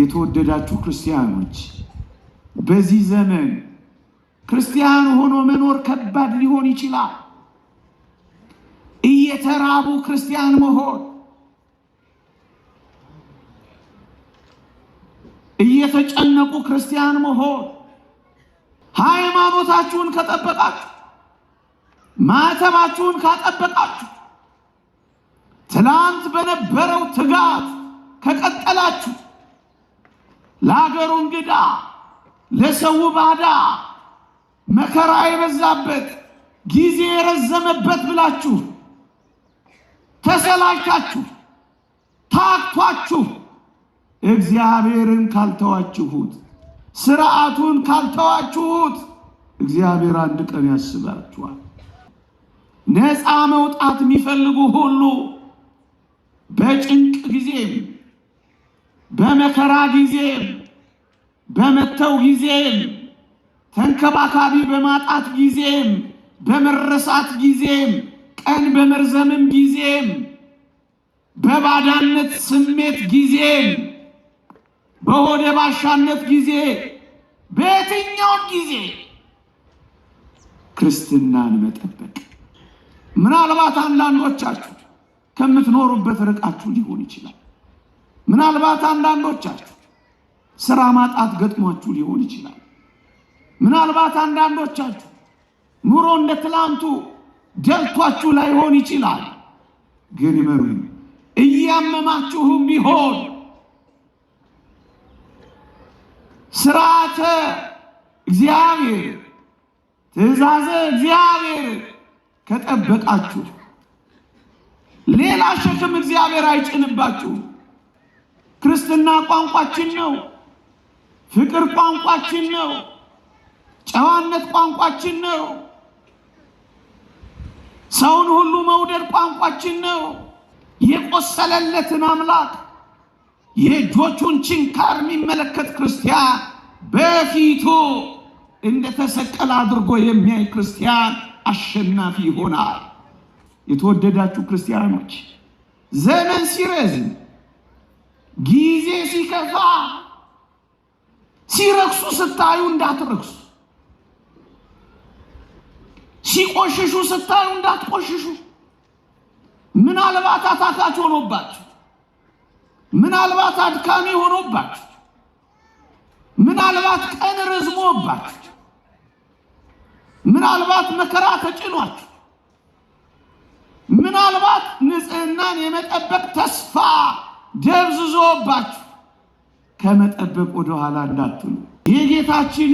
የተወደዳችሁ ክርስቲያኖች በዚህ ዘመን ክርስቲያን ሆኖ መኖር ከባድ ሊሆን ይችላል። እየተራቡ ክርስቲያን መሆን፣ እየተጨነቁ ክርስቲያን መሆን ሃይማኖታችሁን ከጠበቃችሁ፣ ማተባችሁን ካጠበቃችሁ፣ ትናንት በነበረው ትጋት ከቀጠላችሁ ለሀገሩ እንግዳ፣ ለሰው ባዳ፣ መከራ የበዛበት ጊዜ የረዘመበት ብላችሁ ተሰላቻችሁ ታክቷችሁ እግዚአብሔርን ካልተዋችሁት ስርዓቱን ካልተዋችሁት እግዚአብሔር አንድ ቀን ያስባችኋል። ነፃ መውጣት የሚፈልጉ ሁሉ በጭንቅ ጊዜም በመከራ ጊዜም በመተው ጊዜም ተንከባካቢ በማጣት ጊዜም በመረሳት ጊዜም ቀን በመርዘምም ጊዜም በባዳነት ስሜት ጊዜም በሆደ ባሻነት ጊዜ በየትኛውም ጊዜ ክርስትናን መጠበቅ ምናልባት አንዳንዶቻችሁ ከምትኖሩበት ርቃችሁ ሊሆን ይችላል። ምናልባት አንዳንዶቻችሁ ስራ ማጣት ገጥሟችሁ ሊሆን ይችላል። ምናልባት አንዳንዶቻችሁ ኑሮ እንደ ትላንቱ ደልቷችሁ ላይሆን ይችላል። ግን እመኑኝ እያመማችሁም ቢሆን ስርዓተ እግዚአብሔር ትእዛዘ እግዚአብሔር ከጠበቃችሁ ሌላ ሸክም እግዚአብሔር አይጭንባችሁም። ክርስትና ቋንቋችን ነው። ፍቅር ቋንቋችን ነው። ጨዋነት ቋንቋችን ነው። ሰውን ሁሉ መውደድ ቋንቋችን ነው። የቆሰለለትን አምላክ የእጆቹን ችንካር የሚመለከት ክርስቲያን በፊቱ እንደተሰቀለ አድርጎ የሚያይ ክርስቲያን አሸናፊ ይሆናል። የተወደዳችሁ ክርስቲያኖች ዘመን ሲረዝም ጊዜ ሲከፋ ሲረክሱ ስታዩ እንዳትረክሱ፣ ሲቆሽሹ ስታዩ እንዳትቆሽሹ። ምናልባት አታካች ሆኖባችሁ፣ ምናልባት አድካሚ ሆኖባችሁ፣ ምናልባት ቀን ረዝሞባችሁ፣ ምናልባት መከራ ተጭኗችሁ፣ ምናልባት ንጽህናን የመጠበቅ ተስፋ ደብዝዞባችሁ ከመጠበቅ ወደኋላ እንዳትሉ የጌታችን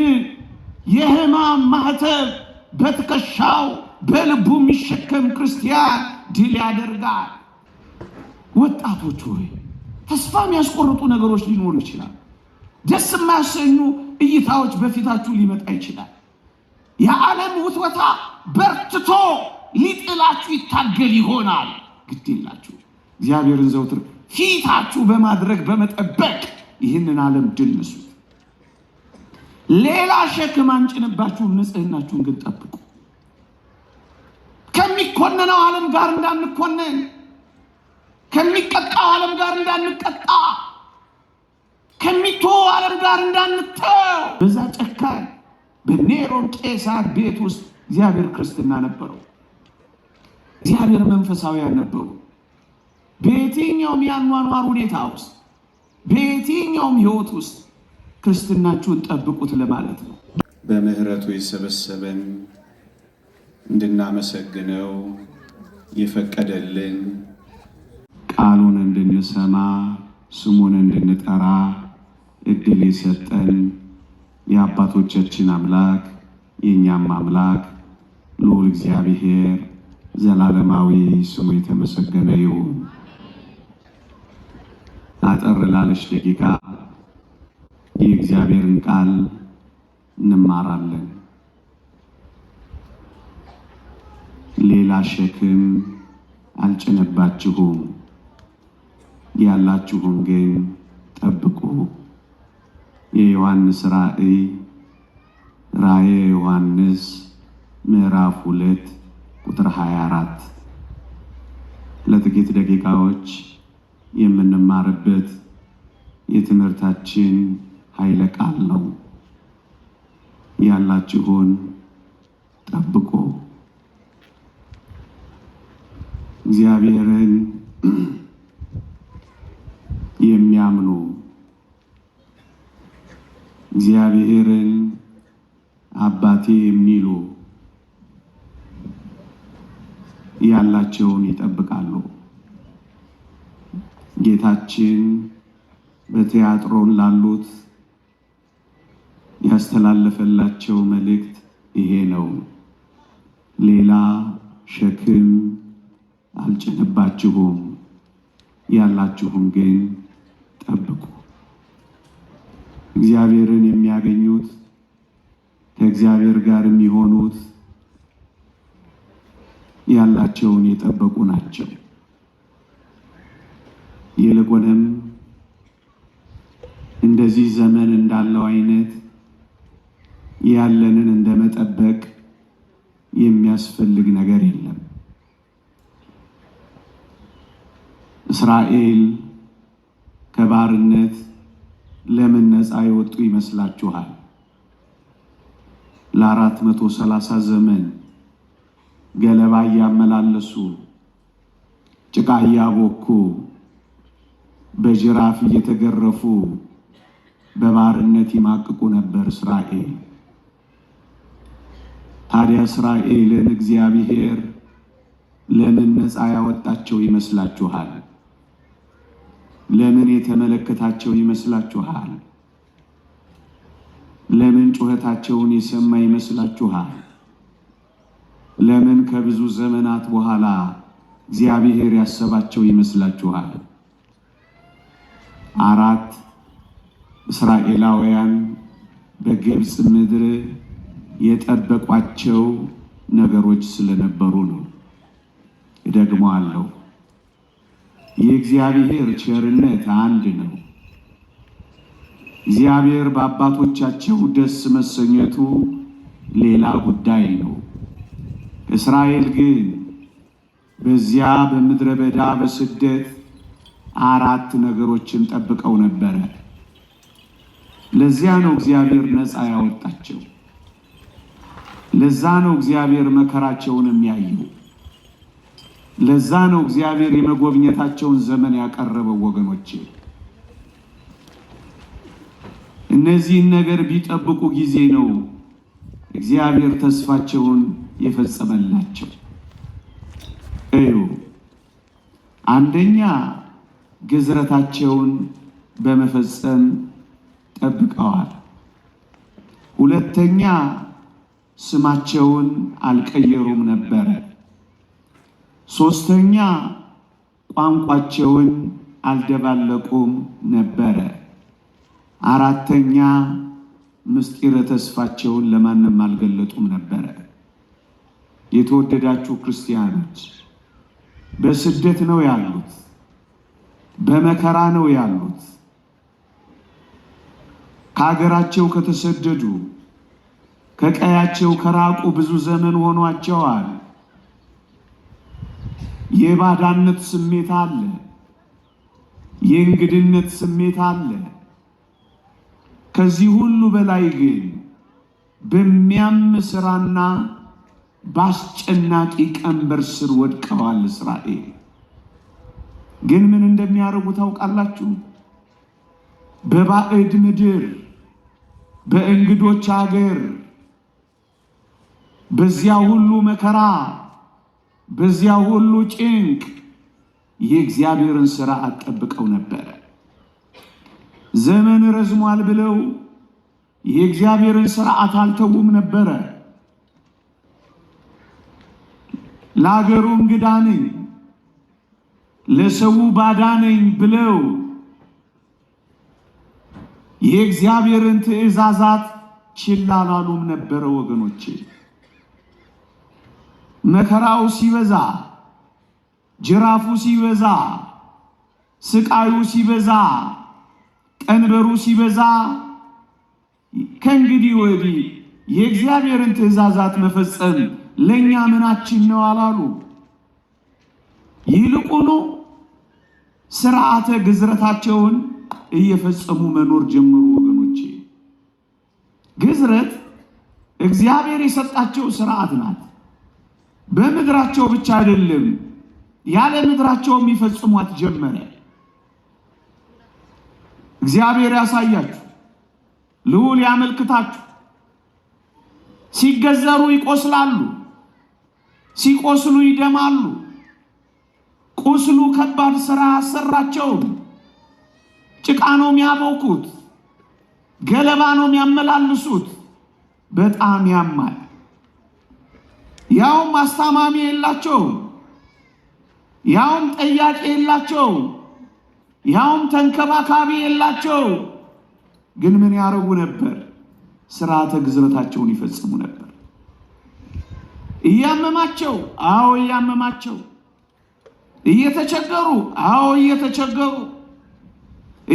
የሕማም ማህተብ በትከሻው በልቡ የሚሸከም ክርስቲያን ድል ያደርጋል። ወጣቶች ሆይ ተስፋ የሚያስቆርጡ ነገሮች ሊኖሩ ይችላል። ደስ የማያሰኙ እይታዎች በፊታችሁ ሊመጣ ይችላል። የዓለም ውትወታ በርትቶ ሊጥላችሁ ይታገል ይሆናል። ግድ የላችሁ እግዚአብሔርን ዘውትር ፊታችሁ በማድረግ በመጠበቅ ይህንን ዓለም ድል ንሱ። ሌላ ሸክም አንጭንባችሁም፣ ንጽህናችሁን ግን ጠብቁ። ከሚኮነነው ዓለም ጋር እንዳንኮነን፣ ከሚቀጣው ዓለም ጋር እንዳንቀጣ፣ ከሚቶ ዓለም ጋር እንዳንተው። በዛ ጨካኝ በኔሮን ቄሳር ቤት ውስጥ እግዚአብሔር ክርስትና ነበረው። እግዚአብሔር መንፈሳዊያን ነበሩ። በየትኛውም የአኗኗር ሁኔታ ውስጥ በየትኛውም ህይወት ውስጥ ክርስትናችሁን ጠብቁት ለማለት ነው። በምህረቱ የሰበሰበን እንድናመሰግነው የፈቀደልን ቃሉን እንድንሰማ ስሙን እንድንጠራ እድል የሰጠን የአባቶቻችን አምላክ የእኛም አምላክ ልዑል እግዚአብሔር ዘላለማዊ ስሙ የተመሰገነ ይሁን። አጠር ላለች ደቂቃ የእግዚአብሔርን ቃል እንማራለን። ሌላ ሸክም አልጭነባችሁም፣ ያላችሁም ግን ጠብቁ። የዮሐንስ ራእይ ራእየ ዮሐንስ ምዕራፍ ሁለት ቁጥር 24 ለጥቂት ደቂቃዎች የምንማርበት የትምህርታችን ኃይለ ቃል ነው። ያላችሁን ጠብቆ እግዚአብሔርን የሚያምኑ እግዚአብሔርን አባቴ የሚሉ ያላቸውን ይጠብቃሉ። ጌታችን በቲያጥሮን ላሉት ያስተላለፈላቸው መልእክት ይሄ ነው። ሌላ ሸክም አልጭንባችሁም፣ ያላችሁም ግን ጠብቁ። እግዚአብሔርን የሚያገኙት ከእግዚአብሔር ጋር የሚሆኑት ያላቸውን የጠበቁ ናቸው። ይልቁንም እንደዚህ ዘመን እንዳለው አይነት ያለንን እንደ መጠበቅ የሚያስፈልግ ነገር የለም። እስራኤል ከባርነት ለምን ነፃ የወጡ ይመስላችኋል? ለአራት መቶ ሰላሳ ዘመን ገለባ እያመላለሱ ጭቃ እያቦኩ በጅራፍ እየተገረፉ በባርነት ይማቅቁ ነበር እስራኤል። ታዲያ እስራኤልን እግዚአብሔር ለምን ነፃ ያወጣቸው ይመስላችኋል? ለምን የተመለከታቸው ይመስላችኋል? ለምን ጩኸታቸውን የሰማ ይመስላችኋል? ለምን ከብዙ ዘመናት በኋላ እግዚአብሔር ያሰባቸው ይመስላችኋል? አራት እስራኤላውያን በግብፅ ምድር የጠበቋቸው ነገሮች ስለነበሩ ነው። ደግሞ አለው! የእግዚአብሔር ቸርነት አንድ ነው። እግዚአብሔር በአባቶቻቸው ደስ መሰኘቱ ሌላ ጉዳይ ነው። እስራኤል ግን በዚያ በምድረ በዳ በስደት አራት ነገሮችን ጠብቀው ነበረ። ለዚያ ነው እግዚአብሔር ነፃ ያወጣቸው። ለዛ ነው እግዚአብሔር መከራቸውን የሚያየው። ለዛ ነው እግዚአብሔር የመጎብኘታቸውን ዘመን ያቀረበው። ወገኖቼ እነዚህን ነገር ቢጠብቁ ጊዜ ነው እግዚአብሔር ተስፋቸውን የፈጸመላቸው። እዩ አንደኛ ግዝረታቸውን በመፈጸም ጠብቀዋል። ሁለተኛ ስማቸውን አልቀየሩም ነበረ። ሶስተኛ ቋንቋቸውን አልደባለቁም ነበረ። አራተኛ ምስጢረ ተስፋቸውን ለማንም አልገለጡም ነበረ። የተወደዳችሁ ክርስቲያኖች በስደት ነው ያሉት። በመከራ ነው ያሉት። ከሀገራቸው ከተሰደዱ ከቀያቸው ከራቁ ብዙ ዘመን ሆኗቸዋል። የባዳነት ስሜት አለ። የእንግድነት ስሜት አለ። ከዚህ ሁሉ በላይ ግን በሚያም ስራና በአስጨናቂ ቀንበር ስር ወድቀዋል እስራኤል። ግን ምን እንደሚያደርጉ ታውቃላችሁ? በባዕድ ምድር በእንግዶች አገር በዚያ ሁሉ መከራ በዚያ ሁሉ ጭንቅ የእግዚአብሔርን ሥራ አጠብቀው ነበረ። ዘመን ረዝሟል ብለው የእግዚአብሔርን ሥርዓት አልተውም ነበረ። ለአገሩ እንግዳ ነኝ ለሰው ባዳነኝ ብለው የእግዚአብሔርን ትእዛዛት ችላ አላሉም ነበረ። ወገኖቼ መከራው ሲበዛ፣ ጅራፉ ሲበዛ፣ ስቃዩ ሲበዛ፣ ቀንበሩ ሲበዛ ከእንግዲህ ወዲህ የእግዚአብሔርን ትእዛዛት መፈጸም ለእኛ ምናችን ነው አላሉ። ይልቁኑ ስርዓተ ግዝረታቸውን እየፈጸሙ መኖር ጀምሩ ወገኖቼ ግዝረት እግዚአብሔር የሰጣቸው ስርዓት ናት። በምድራቸው ብቻ አይደለም፣ ያለ ምድራቸው የሚፈጽሟት ጀመረ። እግዚአብሔር ያሳያችሁ፣ ልዑል ያመልክታችሁ። ሲገዘሩ ይቆስላሉ፣ ሲቆስሉ ይደማሉ። ቁስሉ ከባድ ስራ አሰራቸው። ጭቃ ነው የሚያቦኩት፣ ገለባ ነው የሚያመላልሱት። በጣም ያማል። ያውም አስታማሚ የላቸው፣ ያውም ጠያቂ የላቸው፣ ያውም ተንከባካቢ የላቸው። ግን ምን ያደርጉ ነበር? ስርዓተ ግዝረታቸውን ይፈጽሙ ነበር። እያመማቸው፣ አዎ እያመማቸው እየተቸገሩ አዎ እየተቸገሩ፣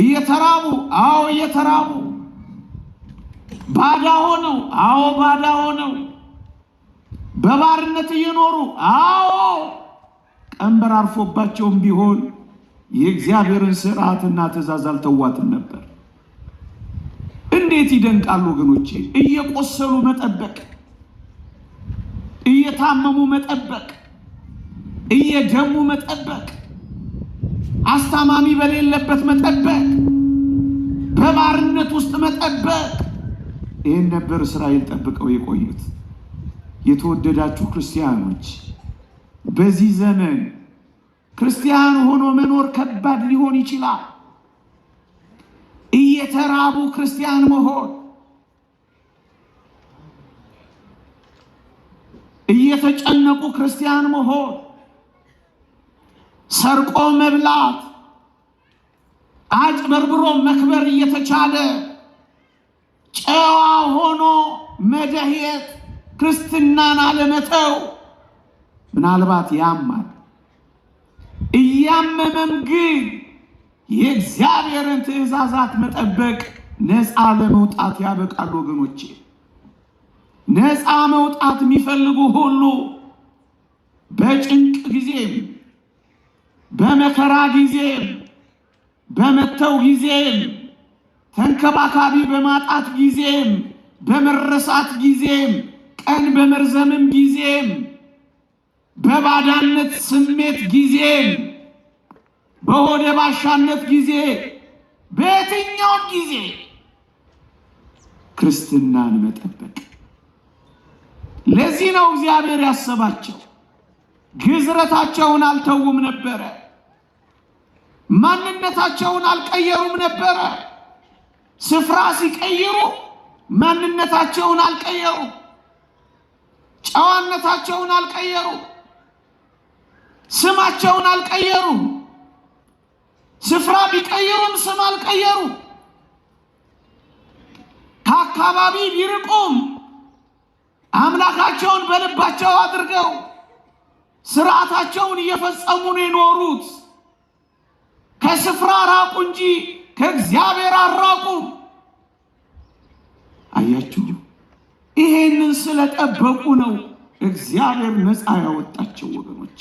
እየተራቡ አዎ እየተራቡ፣ ባዳ ሆነው አዎ ባዳ ሆነው፣ በባርነት እየኖሩ አዎ ቀንበር አርፎባቸውም ቢሆን የእግዚአብሔርን ስርዓትና ትእዛዝ አልተዋትም ነበር። እንዴት ይደንቃሉ ወገኖቼ! እየቆሰሉ መጠበቅ፣ እየታመሙ መጠበቅ እየደሙ መጠበቅ፣ አስታማሚ በሌለበት መጠበቅ፣ በባርነት ውስጥ መጠበቅ። ይህን ነበር እስራኤል ጠብቀው የቆዩት። የተወደዳችሁ ክርስቲያኖች በዚህ ዘመን ክርስቲያን ሆኖ መኖር ከባድ ሊሆን ይችላል። እየተራቡ ክርስቲያን መሆን፣ እየተጨነቁ ክርስቲያን መሆን ሰርቆ መብላት፣ አጭበርብሮ መክበር እየተቻለ ጨዋ ሆኖ መደህየት፣ ክርስትናን አለመተው ምናልባት ያማል። እያመመም ግን የእግዚአብሔርን ትእዛዛት መጠበቅ ነፃ ለመውጣት ያበቃሉ። ወገኖቼ ነፃ መውጣት የሚፈልጉ ሁሉ በጭንቅ ጊዜም በመከራ ጊዜም በመተው ጊዜም ተንከባካቢ በማጣት ጊዜም በመረሳት ጊዜም ቀን በመርዘምም ጊዜም በባዳነት ስሜት ጊዜም በሆደ ባሻነት ጊዜ በየትኛውም ጊዜ ክርስትናን መጠበቅ። ለዚህ ነው እግዚአብሔር ያሰባቸው። ግዝረታቸውን አልተውም ነበረ። ማንነታቸውን አልቀየሩም ነበረ። ስፍራ ሲቀይሩ ማንነታቸውን አልቀየሩ፣ ጨዋነታቸውን አልቀየሩ፣ ስማቸውን አልቀየሩ። ስፍራ ቢቀይሩም ስም አልቀየሩ። ከአካባቢ ቢርቁም አምላካቸውን በልባቸው አድርገው ስርዓታቸውን እየፈጸሙ ነው የኖሩት። ከስፍራ ራቁ እንጂ ከእግዚአብሔር አራቁ። አያችሁ፣ ይሄንን ስለጠበቁ ነው እግዚአብሔር ነፃ ያወጣቸው ወገኖች።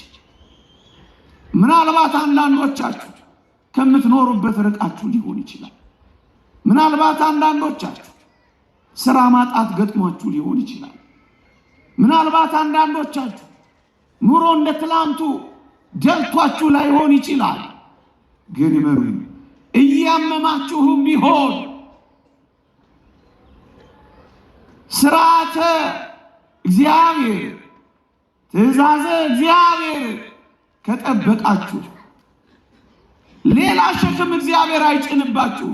ምናልባት አንዳንዶቻችሁ ከምትኖሩበት ርቃችሁ ሊሆን ይችላል። ምናልባት አንዳንዶቻችሁ ስራ ማጣት ገጥሟችሁ ሊሆን ይችላል። ምናልባት አንዳንዶቻችሁ ኑሮ እንደ ትላንቱ ደልቷችሁ ላይሆን ይችላል። ግን እመኑኝ እያመማችሁም ቢሆን ስርዓተ እግዚአብሔር ትእዛዘ እግዚአብሔር ከጠበቃችሁ ሌላ ሸክም እግዚአብሔር አይጭንባችሁ።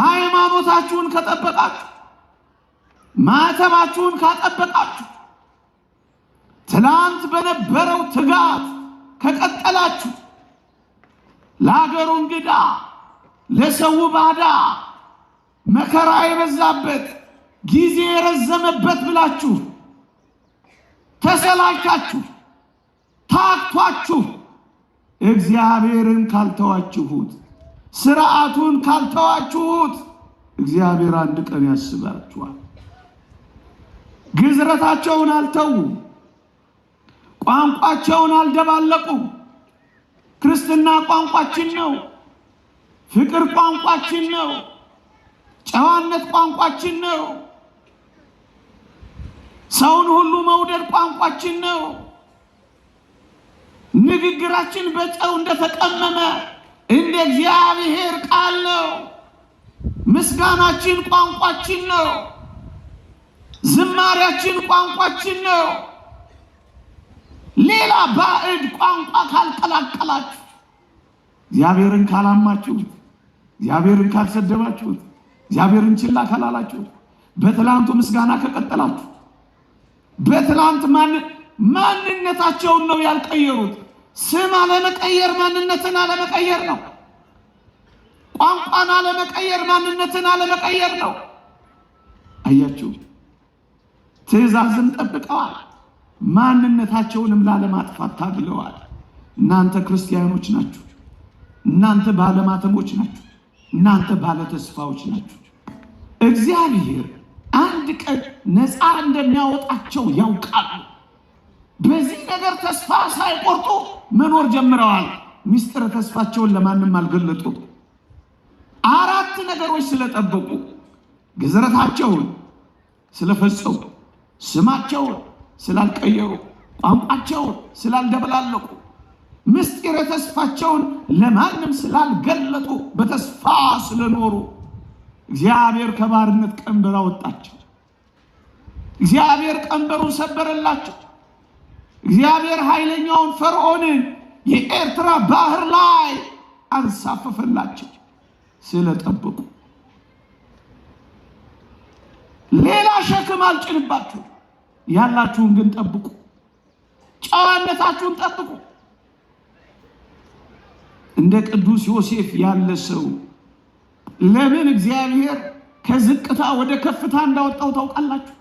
ሃይማኖታችሁን ከጠበቃችሁ፣ ማተባችሁን ካጠበቃችሁ ትናንት በነበረው ትጋት ከቀጠላችሁ ለሀገሩ እንግዳ፣ ለሰው ባዳ፣ መከራ የበዛበት ጊዜ የረዘመበት ብላችሁ ተሰላቻችሁ፣ ታክቷችሁ እግዚአብሔርን ካልተዋችሁት፣ ስርዓቱን ካልተዋችሁት እግዚአብሔር አንድ ቀን ያስባችኋል። ግዝረታቸውን አልተውም። ቋንቋቸውን አልደባለቁም። ክርስትና ቋንቋችን ነው። ፍቅር ቋንቋችን ነው። ጨዋነት ቋንቋችን ነው። ሰውን ሁሉ መውደድ ቋንቋችን ነው። ንግግራችን በጨው እንደተቀመመ እንደ እግዚአብሔር ቃል ነው። ምስጋናችን ቋንቋችን ነው። ዝማሪያችን ቋንቋችን ነው። ሌላ ባዕድ ቋንቋ ካልቀላቀላችሁ፣ እግዚአብሔርን ካላማችሁት፣ እግዚአብሔርን ካልሰደባችሁት፣ እግዚአብሔርን ችላ ካላላችሁት፣ በትላንቱ ምስጋና ከቀጠላችሁ፣ በትላንት ማንነታቸውን ነው ያልቀየሩት። ስም አለመቀየር ማንነትን አለመቀየር ነው። ቋንቋን አለመቀየር ማንነትን አለመቀየር ነው። አያችሁ፣ ትዕዛዝን ጠብቀዋል። ማንነታቸውንም ላለማጥፋት ታግለዋል። እናንተ ክርስቲያኖች ናችሁ። እናንተ ባለማተሞች ናችሁ። እናንተ ባለተስፋዎች ናችሁ። እግዚአብሔር አንድ ቀን ነፃ እንደሚያወጣቸው ያውቃሉ። በዚህ ነገር ተስፋ ሳይቆርጡ መኖር ጀምረዋል። ሚስጥረ ተስፋቸውን ለማንም አልገለጡ። አራት ነገሮች ስለጠበቁ ግዝረታቸውን ስለፈጸሙ ስማቸውን ስላልቀየሩ፣ ቋንቋቸውን ስላልደበላለቁ፣ ምስጢረ ተስፋቸውን ለማንም ስላልገለጡ፣ በተስፋ ስለኖሩ እግዚአብሔር ከባርነት ቀንበር አወጣቸው። እግዚአብሔር ቀንበሩን ሰበረላቸው። እግዚአብሔር ኃይለኛውን ፈርዖንን የኤርትራ ባህር ላይ አንሳፈፈላቸው ስለጠበቁ ሌላ ሸክም አልጭንባችሁ ያላችሁን ግን ጠብቁ። ጨዋነታችሁን ጠብቁ። እንደ ቅዱስ ዮሴፍ ያለ ሰው ለምን እግዚአብሔር ከዝቅታ ወደ ከፍታ እንዳወጣው ታውቃላችሁ?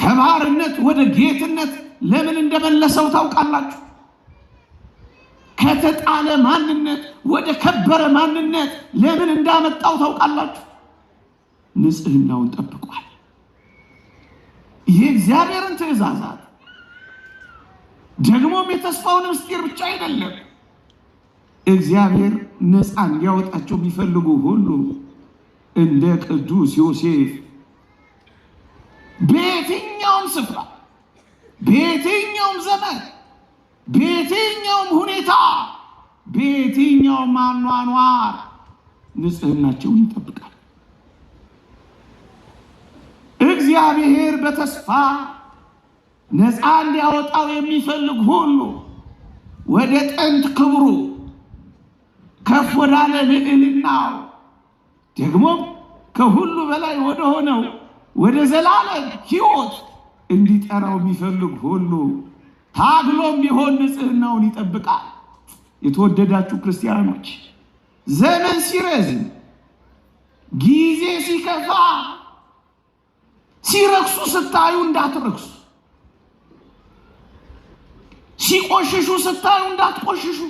ከባርነት ወደ ጌትነት ለምን እንደመለሰው ታውቃላችሁ? ከተጣለ ማንነት ወደ ከበረ ማንነት ለምን እንዳመጣው ታውቃላችሁ? ንጽህናውን ጠብቋል። የእግዚአብሔርን ትእዛዛት ደግሞም የተስፋውን ምስጢር ብቻ አይደለም እግዚአብሔር ነፃ እንዲያወጣቸው የሚፈልጉ ሁሉ እንደ ቅዱስ ዮሴፍ በየትኛውም ስፍራ፣ በየትኛውም ዘመን፣ በየትኛውም ሁኔታ፣ በየትኛውም አኗኗር ንጽህናቸውን ይጠብቃል። እግዚአብሔር በተስፋ ነፃ እንዲያወጣው የሚፈልግ ሁሉ ወደ ጥንት ክብሩ ከፍ ወዳለ ልዕልናው ደግሞም ከሁሉ በላይ ወደ ሆነው ወደ ዘላለም ሕይወት እንዲጠራው የሚፈልግ ሁሉ ታግሎም ቢሆን ንጽህናውን ይጠብቃል። የተወደዳችሁ ክርስቲያኖች ዘመን ሲረዝም ጊዜ ሲከፋ ሲረክሱ ስታዩ እንዳትረክሱ፣ ሲቆሽሹ ስታዩ እንዳትቆሽሹ።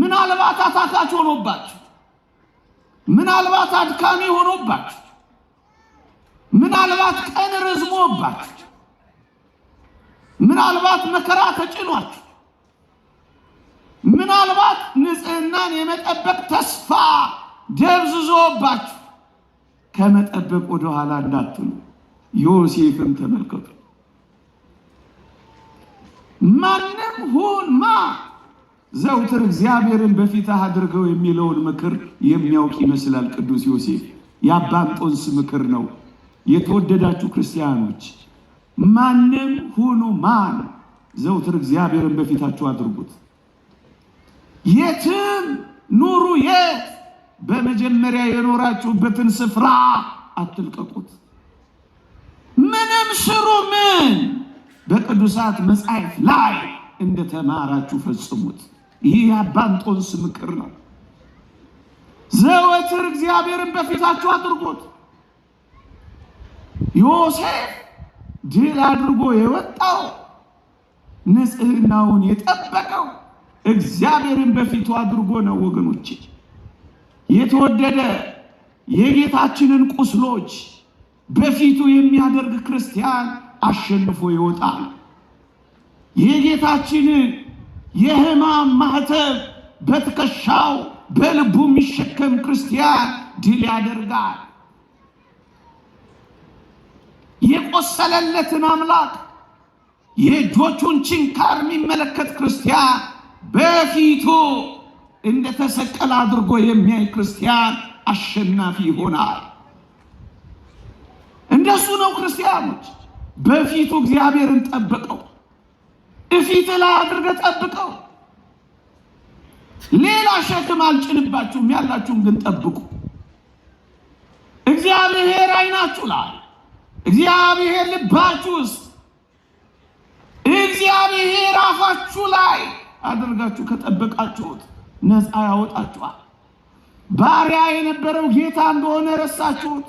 ምናልባት አታካች ሆኖባችሁ፣ ምናልባት አድካሚ ሆኖባችሁ፣ ምናልባት ቀን ረዝሞባችሁ፣ ምናልባት መከራ ተጭኗችሁ፣ ምናልባት ንጽህናን የመጠበቅ ተስፋ ደብዝዞባችሁ ከመጠበቅ ወደኋላ እንዳትሉ። ዮሴፍም ተመልከቱ። ማንም ሁን ማ ዘውትር እግዚአብሔርን በፊትህ አድርገው የሚለውን ምክር የሚያውቅ ይመስላል ቅዱስ ዮሴፍ። የአባንጦንስ ምክር ነው። የተወደዳችሁ ክርስቲያኖች ማንም ሁኑ ማን ዘውትር እግዚአብሔርን በፊታችሁ አድርጉት። የትም ኑሩ የት በመጀመሪያ የኖራችሁበትን ስፍራ አትልቀቁት። ምንም ስሩ ምን በቅዱሳት መጽሐፍ ላይ እንደተማራችሁ ፈጽሙት። ይህ የአባንጦንስ ምክር ነው። ዘወትር እግዚአብሔርን በፊታችሁ አድርጎት። ዮሴፍ ድል አድርጎ የወጣው ንጽህናውን የጠበቀው እግዚአብሔርን በፊቱ አድርጎ ነው ወገኖች። የተወደደ የጌታችንን ቁስሎች በፊቱ የሚያደርግ ክርስቲያን አሸንፎ ይወጣል። የጌታችንን የሕማም ማህተብ በትከሻው በልቡ የሚሸከም ክርስቲያን ድል ያደርጋል። የቆሰለለትን አምላክ የእጆቹን ችንካር የሚመለከት ክርስቲያን በፊቱ እንደተሰቀለ አድርጎ የሚያይ ክርስቲያን አሸናፊ ይሆናል። እንደሱ ነው ክርስቲያኖች። በፊቱ እግዚአብሔርን ጠብቀው፣ እፊት ላይ አድርገ ጠብቀው። ሌላ ሸክም አልጭንባችሁም፣ ያላችሁም ግን ጠብቁ። እግዚአብሔር አይናችሁ ላይ፣ እግዚአብሔር ልባችሁ ውስጥ፣ እግዚአብሔር አፋችሁ ላይ አድርጋችሁ ከጠበቃችሁት ነፃ ያወጣችኋል። ባሪያ የነበረው ጌታ እንደሆነ ረሳችሁት።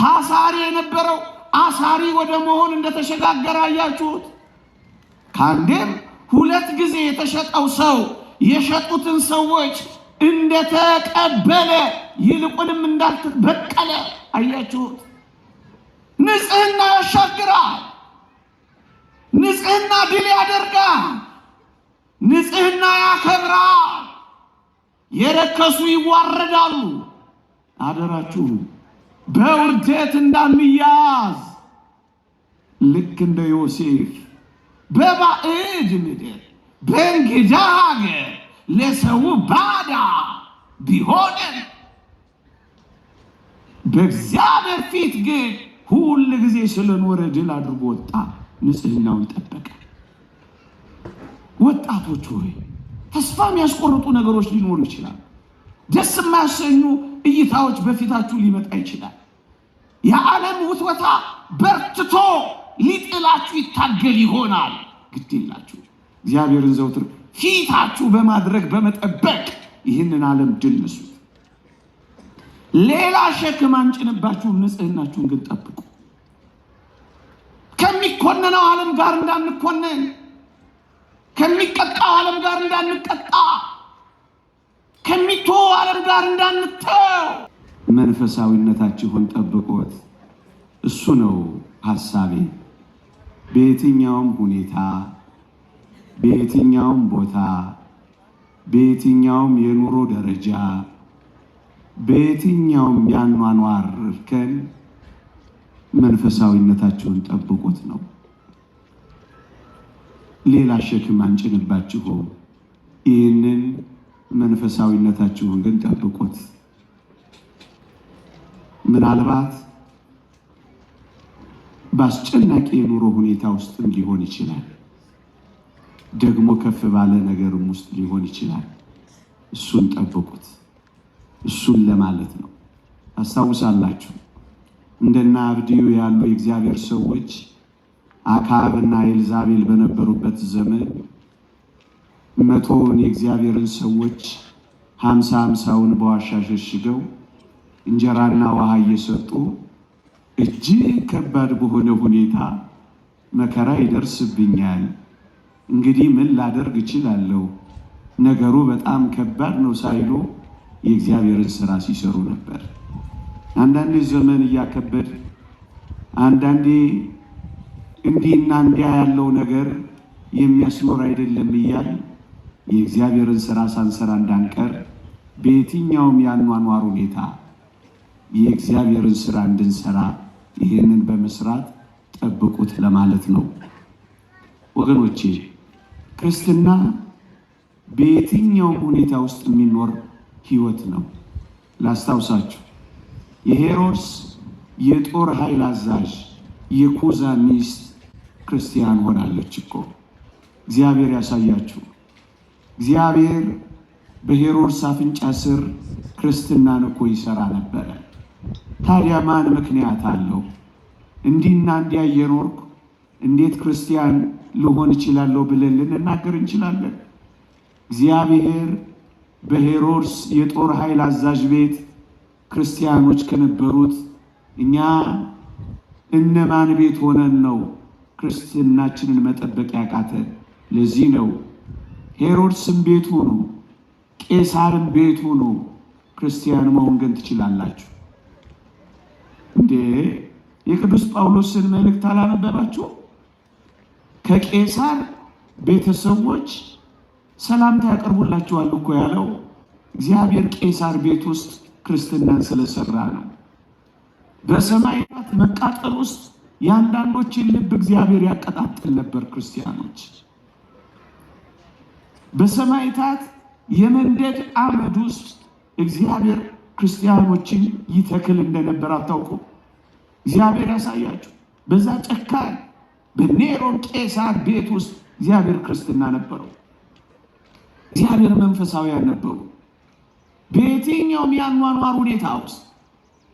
ታሳሪ የነበረው አሳሪ ወደ መሆን እንደተሸጋገረ አያችሁት። ከአንዴም ሁለት ጊዜ የተሸጠው ሰው የሸጡትን ሰዎች እንደተቀበለ ይልቁንም እንዳልተበቀለ አያችሁት። ንጽሕና ያሻግራል። ንጽሕና ድል ያደርጋል። ንጽህና ያከብራል። የረከሱ ይዋረዳሉ። አደራችሁ በውርደት እንዳንያዝ ልክ እንደ ዮሴፍ በባዕድ ምድር በእንግዳ ሀገር ለሰው ባዳ ቢሆንም በእግዚአብሔር ፊት ግን ሁል ጊዜ ስለኖረ ድል አድርጎ ወጣ። ንጽህናውን ጠበቀ። ወጣቶች ሆይ ተስፋ የሚያስቆርጡ ነገሮች ሊኖሩ ይችላል። ደስ የማያሰኙ እይታዎች በፊታችሁ ሊመጣ ይችላል። የዓለም ውትወታ በርትቶ ሊጥላችሁ ይታገል ይሆናል። ግድ የላችሁ እግዚአብሔርን ዘውትር ፊታችሁ በማድረግ በመጠበቅ ይህንን ዓለም ድል ንሱት። ሌላ ሸክም አንጭንባችሁም፣ ንጽህናችሁን ግን ጠብቁ። ከሚኮነነው ዓለም ጋር እንዳንኮነን ከሚቀጣው ዓለም ጋር እንዳንቀጣ፣ ከሚቶ ዓለም ጋር እንዳንተው መንፈሳዊነታችሁን ጠብቆት። እሱ ነው ሀሳቤ። በየትኛውም ሁኔታ፣ በየትኛውም ቦታ፣ በየትኛውም የኑሮ ደረጃ፣ በየትኛውም ያኗኗር እርከን መንፈሳዊነታችሁን ጠብቆት ነው። ሌላ ሸክም አንጭንባችሁ። ይህንን መንፈሳዊነታችሁን ግን ጠብቁት። ምናልባት በአስጨናቂ የኑሮ ሁኔታ ውስጥም ሊሆን ይችላል። ደግሞ ከፍ ባለ ነገርም ውስጥ ሊሆን ይችላል። እሱን ጠብቁት። እሱን ለማለት ነው። አስታውሳላችሁ እንደና አብድዩ ያሉ የእግዚአብሔር ሰዎች አክዓብና ኤልዛቤል በነበሩበት ዘመን መቶውን የእግዚአብሔርን ሰዎች ሀምሳ ሀምሳውን በዋሻ ሸሽገው እንጀራና ውሃ እየሰጡ እጅግ ከባድ በሆነ ሁኔታ መከራ ይደርስብኛል፣ እንግዲህ ምን ላደርግ እችላለሁ፣ ነገሩ በጣም ከባድ ነው ሳይሉ የእግዚአብሔርን ስራ ሲሰሩ ነበር። አንዳንዴ ዘመን እያከበድ አንዳንዴ እንዲህና እንዲያ ያለው ነገር የሚያስኖር አይደለም እያል የእግዚአብሔርን ስራ ሳንሰራ እንዳንቀር በየትኛውም ያኗኗር ሁኔታ የእግዚአብሔርን ስራ እንድንሰራ ይህንን በመስራት ጠብቁት ለማለት ነው። ወገኖቼ ክርስትና በየትኛውም ሁኔታ ውስጥ የሚኖር ህይወት ነው። ላስታውሳችሁ የሄሮድስ የጦር ኃይል አዛዥ የኩዛ ሚስት ክርስቲያን ሆናለች እኮ። እግዚአብሔር ያሳያችሁ። እግዚአብሔር በሄሮድስ አፍንጫ ስር ክርስትናን እኮ ይሰራ ነበረ። ታዲያ ማን ምክንያት አለው? እንዲህና እንዲያ እየኖርኩ እንዴት ክርስቲያን ልሆን እችላለሁ ብለን ልንናገር እንችላለን? እግዚአብሔር በሄሮድስ የጦር ኃይል አዛዥ ቤት ክርስቲያኖች ከነበሩት እኛ እነማን ቤት ሆነን ነው ክርስትናችንን መጠበቅ ያቃተ። ለዚህ ነው ሄሮድስም ቤት ሁኑ፣ ቄሳርም ቤት ሁኑ፣ ክርስቲያን መሆን ግን ትችላላችሁ እንዴ! የቅዱስ ጳውሎስን መልእክት አላነበባችሁ? ከቄሳር ቤተሰቦች ሰላምታ ያቀርቡላችኋል እኮ ያለው እግዚአብሔር ቄሳር ቤት ውስጥ ክርስትናን ስለሰራ ነው። በሰማያት መቃጠል ውስጥ የአንዳንዶችን ልብ እግዚአብሔር ያቀጣጥል ነበር። ክርስቲያኖች በሰማይታት የመንደድ አመድ ውስጥ እግዚአብሔር ክርስቲያኖችን ይተክል እንደነበር አታውቁ? እግዚአብሔር ያሳያችሁ። በዛ ጨካኝ በኔሮን ቄሳር ቤት ውስጥ እግዚአብሔር ክርስትና ነበረው። እግዚአብሔር መንፈሳውያን ነበሩ። በየትኛውም የአኗኗር ሁኔታ ውስጥ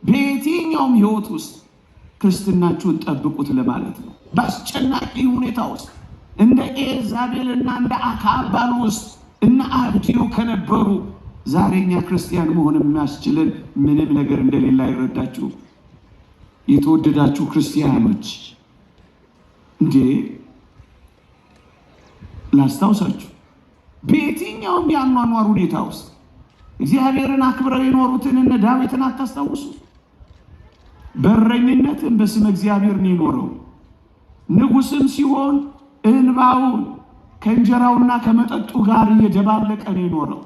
በየትኛውም ህይወት ውስጥ ክርስትናችሁን ጠብቁት ለማለት ነው። በአስጨናቂ ሁኔታ ውስጥ እንደ ኤልዛቤል እና እንደ አካባል ውስጥ እና አብዲዩ ከነበሩ ዛሬኛ ክርስቲያን መሆን የሚያስችልን ምንም ነገር እንደሌለ አይረዳችሁ? የተወደዳችሁ ክርስቲያኖች እንዴ ላስታውሳችሁ፣ በየትኛውም የአኗኗር ሁኔታ ውስጥ እግዚአብሔርን አክብረው የኖሩትን እነ ዳዊትን አታስታውሱ? በረኝነትም በስመ እግዚአብሔር ነው የኖረው። ንጉሥም ሲሆን እንባውን ከእንጀራውና ከመጠጡ ጋር እየደባለቀ ነው የኖረው።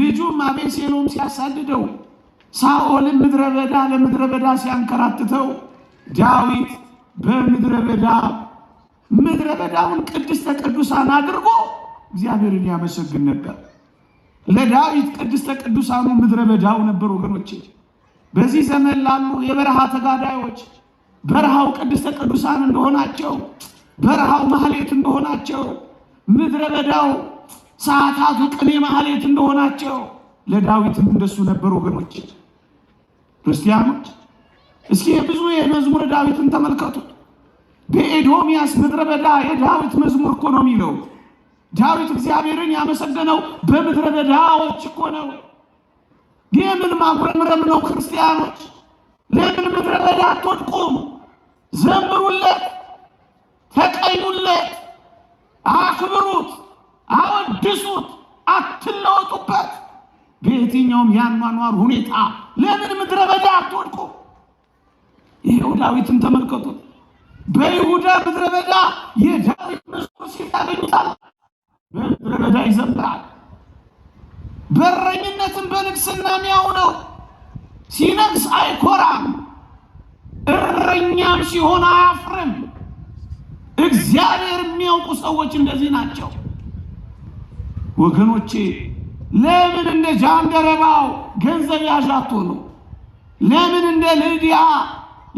ልጁም አቤሴሎም ሲያሳድደው፣ ሳኦልም ምድረ በዳ ለምድረ በዳ ሲያንከራትተው ዳዊት በምድረ በዳ ምድረ በዳውን ቅድስተ ቅዱሳን አድርጎ እግዚአብሔርን ያመሰግን ነበር። ለዳዊት ቅድስተ ቅዱሳኑ ምድረ በዳው ነበር ወገኖቼ። በዚህ ዘመን ላሉ የበረሃ ተጋዳዮች በረሃው ቅድስተ ቅዱሳን እንደሆናቸው በረሃው ማህሌት እንደሆናቸው ምድረ በዳው ሰዓታቱ ቅኔ ማህሌት እንደሆናቸው ለዳዊትም እንደሱ ነበሩ። ወገኖች ክርስቲያኖች፣ እስኪ ብዙ የመዝሙር ዳዊትን ተመልከቱት። በኤዶምያስ ምድረ በዳ የዳዊት መዝሙር እኮ ነው የሚለው። ዳዊት እግዚአብሔርን ያመሰገነው በምድረ በዳዎች እኮ ነው። ለምን ምን ማጉረምረም ነው? ክርስቲያኖች ለምን ምድረ በዳ አትወድቁም? ዘምሩለት፣ ተቀኙለት፣ አክብሩት፣ አወድሱት፣ አትለወጡበት። በየትኛውም የአኗኗር ሁኔታ ለምን ምድረ በዳ አትወድቁም? ይሄው ዳዊትን ተመልከቱት። በይሁዳ ምድረ በዳ የዳዊት መዝሙር ሲታገኙታል። በምድረ በዳ ይዘምራል። በረኝነትን በንግስና ያው ነው። ሲነግስ አይኮራም፣ እረኛም ሲሆን አያፍርም። እግዚአብሔር የሚያውቁ ሰዎች እንደዚህ ናቸው ወገኖቼ። ለምን እንደ ጃንደረባው ገንዘብ ያዥ አትሆኑ? ለምን እንደ ልድያ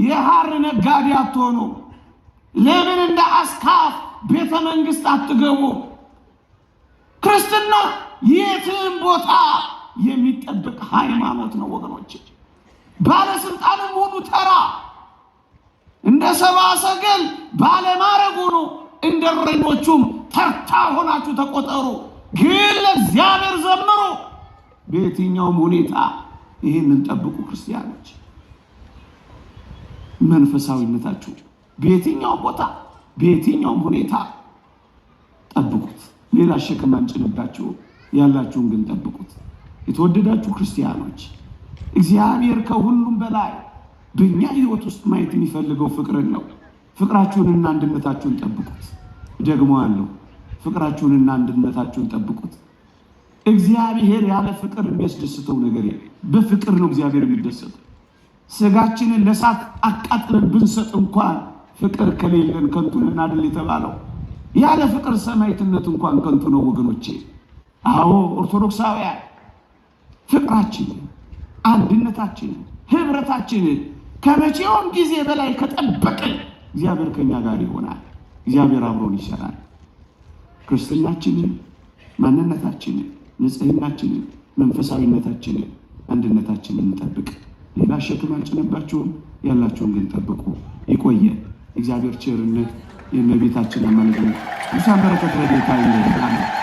የሐር ነጋዴ አትሆኑ? ለምን እንደ አስካፍ ቤተ መንግሥት አትገቡ? ክርስትና የትም ቦታ የሚጠበቅ ሃይማኖት ነው ወገኖች። ባለስልጣንም ሆኑ ተራ እንደ ሰብአ ሰገል ባለማረግ ነው። እንደ እረኞቹም ተርታ ሆናችሁ ተቆጠሩ፣ ግን ለእግዚአብሔር ዘምሩ። በየትኛውም ሁኔታ ይህንን ጠብቁ ክርስቲያኖች። መንፈሳዊነታችሁ በየትኛውም ቦታ በየትኛውም ሁኔታ ጠብቁት። ሌላ ሸክም አንጭንባችሁ ያላችሁን ግን ጠብቁት። የተወደዳችሁ ክርስቲያኖች እግዚአብሔር ከሁሉም በላይ በእኛ ሕይወት ውስጥ ማየት የሚፈልገው ፍቅርን ነው። ፍቅራችሁንና አንድነታችሁን ጠብቁት። ደግሞ አለው ፍቅራችሁንና አንድነታችሁን ጠብቁት። እግዚአብሔር ያለ ፍቅር የሚያስደስተው ነገር የለም። በፍቅር ነው እግዚአብሔር የሚደሰተው። ስጋችንን ለእሳት አቃጥለን ብንሰጥ እንኳን ፍቅር ከሌለን ከንቱን እናድል የተባለው። ያለ ፍቅር ሰማዕትነት እንኳን ከንቱ ነው ወገኖቼ። አዎ ኦርቶዶክሳውያን ፍቅራችን አንድነታችን፣ ህብረታችንን ከመቼውም ጊዜ በላይ ከጠበቅን እግዚአብሔር ከኛ ጋር ይሆናል። እግዚአብሔር አብሮን ይሰራል። ክርስትናችንን፣ ማንነታችንን፣ ንጽህናችንን፣ መንፈሳዊነታችንን፣ አንድነታችንን እንጠብቅ። ሌላ ሸክም አልጭነባችሁም። ያላችሁን ግን ጠብቁ። ይቆየ እግዚአብሔር ቸርነት የእመቤታችን አማላጅነት ብዙ በረከት ረድኤታ ይለየን።